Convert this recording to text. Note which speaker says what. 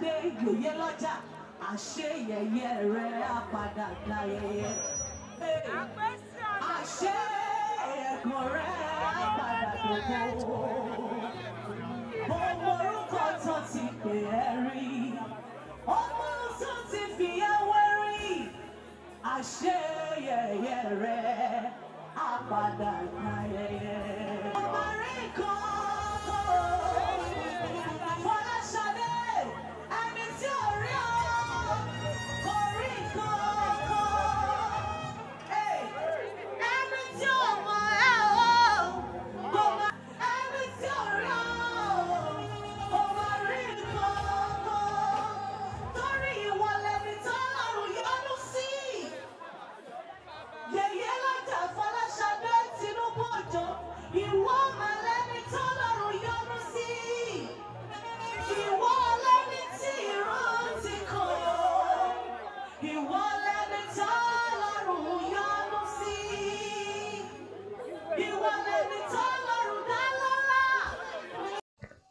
Speaker 1: gbé yèyé lọ́jà àṣé yẹyẹ rẹ á padà da yẹyẹ. àṣé ẹ̀gbọ́n rẹ á padà mo morúkọ tó ti pè ẹ́ rí ọmọ tó ti fi ẹwẹ́ rí àṣé rẹ á padà yẹyẹ. ọmọ rẹ̀ kọ́ ọ́.